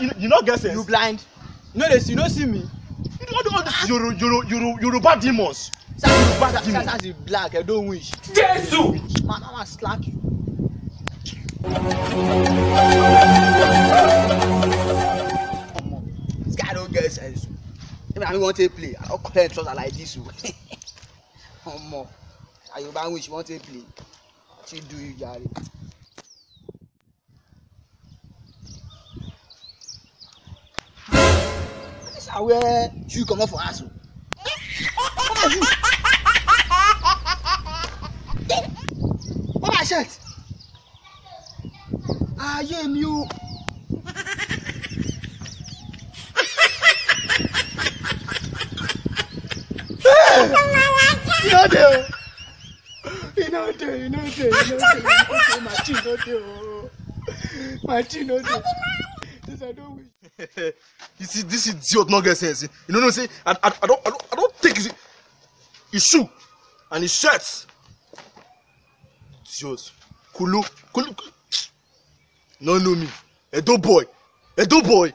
you, you no get sense. you blind. you no dey see you no see me. you don do all this yoro yoro yoro yoruba demons. yoruba demons. sasa is black i don wish. jesu. man i wan slack you. this guy no get sense even if i wan take play i don collect trouser like this o oh. omo na yoruba wish you wan take play she do you jare. I wear shoe comot for house What are you? What are shirt? Ayé mi o. You no dey You no dey, you no dey, you no dey. My chin no My chin no Since I don wish. you see this idiot no get sense you know what i'm saying i i, I don i don't i don take his his shoe and his shirt idiot kulu kulu no know me edo boy edo boy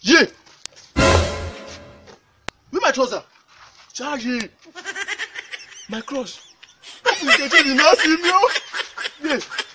ye where my trouser Charge jaaye my cross. you dey tell me you see me o oh. ye. Yeah.